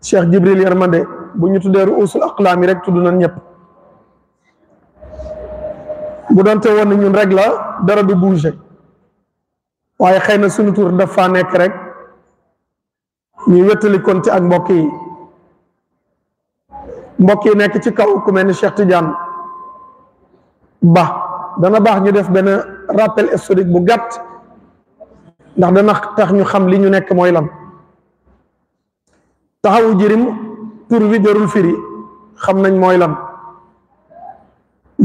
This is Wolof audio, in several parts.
cheikh jibril yarmande bu ñu tuddee ruusul aqlaam yi rek tudd nañ ñëpp bu doonte woon na ñun rek la dara du bougé waaye xëy na sunu tur daf faa nekk rek ñuy wéttali kon ci ak mbokk yi mbokk yi nekk ci kaw ku mel ni Cheikh ba dana baax ñu def benn rappel historique bu gàtt ndax dana tax ñu xam li ñu nekk mooy lan taxawu jirim tur wi jarul firi xam nañ mooy lan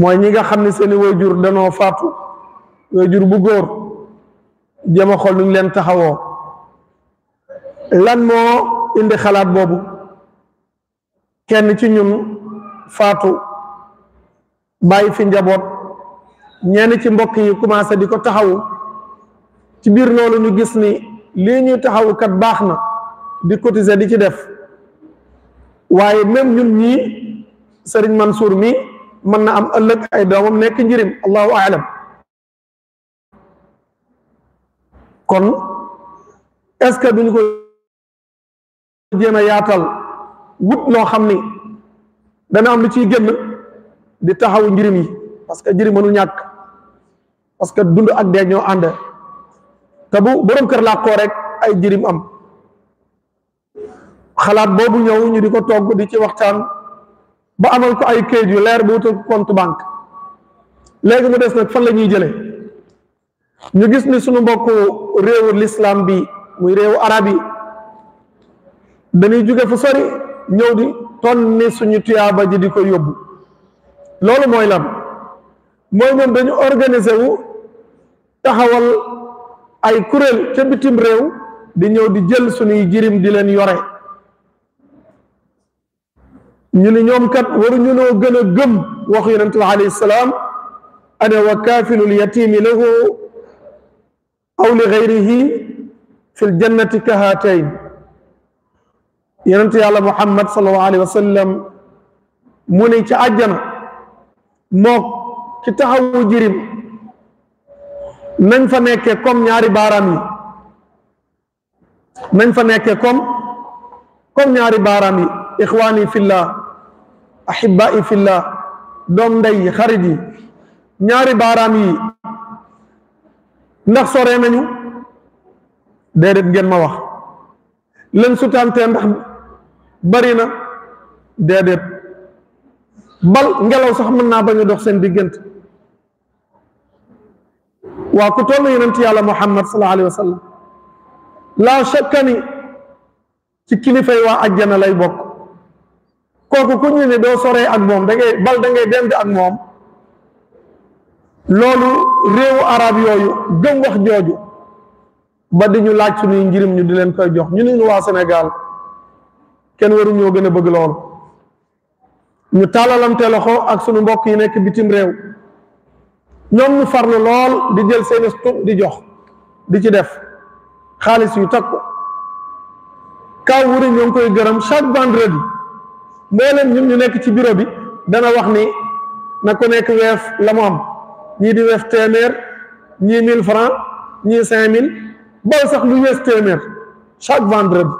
mooy ñi nga xam ne seeni jur danoo faatu jur bu góor jéem a xool leen taxawoo lan moo indi xalaat boobu kenn ci ñun faatu bàyyi fi njaboot ñenn ci mbokk yi commencé di ko taxawu ci biir loolu ñu gis ni lii ñuy taxawu baax na di cotiser di ci def waye même ñun ñi Serigne Mansour mi man na am ëlëk ay doomam nekk njirim allahu a'lam kon est ce que duñ ko jema yaatal wut lo xamni ni dana am lu ci genn di taxaw njirim yi parce que njirim mënu ñak parce que dund ak borom kër ko rek ay njirim am xalaat boobu ñëw ñu di ko togg di ci waxtaan ba amal ko ay kayit yu leer ba wutal ko compte banque léegi mu des nag fan la ñuy jëlee ñu gis ni suñu mbokku réewu lislaam bi muy réewu arab yi dañuy jóge fu sori ñëw di tonni suñu tuyaaba ji di ko yóbbu loolu mooy lan mooy moom dañu organiser wu taxawal ay kuréel ca bitim réew di ñëw di jël suñuy jirim di leen yore ñu ne ñoom kat waru ñu no gëna gëm waxu yaronte bi alayhi salam ana wa kaafilu yatim lahu aw li gayrihi fi ka hatayn yaronte yàlla muhammad sallallahu alayhi wasallam mu ne ci aljana mook ci taxawu jirim nañ fa nekké comme ñaari baram yi nañ fa nekké comme comme ñaari baram yi ixwaani fillah ahibba'i fillah doom ndey xarit yi ñaari baaraam yi ndax sore nañu déedéet ngeen ma wax leen sutantee ndax bari na déedéet bal ngelaw sax mën naa bañ a dox seen diggante waa ku toll yonent yàlla muhammad sallallahu alayhi wa sallam laa shakka ni ci kilifay waa ajjana lay bokk kooku ku ñu ne doo soree ak moom dangay ngay bal da ngay dend ak moom loolu réewu arab yooyu gëm wax jooju ba di ñu laaj suñuy njirim ñu di leen koy jox ñu ne waa Sénégal kenn waru ñoo gën a bëgg lool ñu tàllalamte loxo ak suñu mbokk yi nekk bitim réew ñoom ñu farlu lool di jël seeni tuq di jox di ci def xaalis yu takku kaw wuri ñoo koy gërëm chaque vendredi mbooleem ñun ñu nekk ci bureau bi dana wax ni na ko nekk weef la mu am ñii di weef téeméer ñii mille francs ñii cinq mille bal sax lu wees téeméer chaque vendredi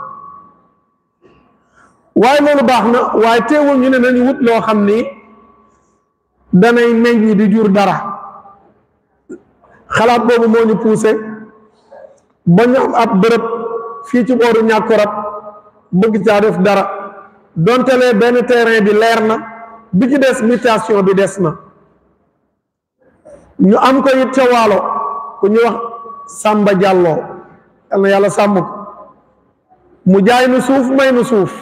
waaye loolu baax na waaye teewul ñu ne nañu wut loo xam ni danay meññ di jur dara xalaat boobu moo ñu poussé ba ñu am ab bërëb fii ci booru ñàkkurab bëgg caa def dara donte ne ben terrain bi leer na bi ci dess mutation bi dess na ñu am ko it ca waalo ku ñu wax Samba jallo yalla yalla yàlla mu jaay nu suuf may nu suuf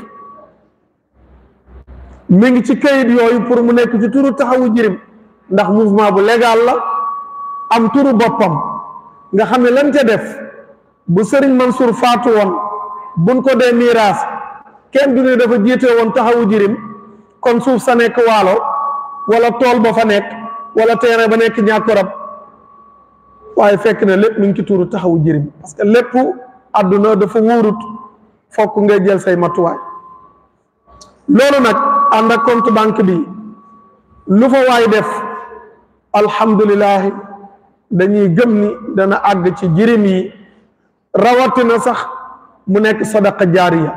mi ngi ci kayit yoyu pour mu nekk ci turu taxawu jirim ndax mouvement bu légal la am turu bopam nga xamne lan ca def bu Serigne Mansour fatou won buñ ko dé mirage kenn du ne dafa jité won taxawu jirim kon suuf sa nek walo wala tol ba fa nek wala teere ba nekk ñàkkorab waye fekk na lepp mu ngi ci tuuru taxawu jirim parce que lepp aduna dafa fokk nga jël say ak compte banque bi lu fa way def alhamdullilah dañuy gëm ni dana ag ci jirim yi rawatina sax mu nek sadaqa jariya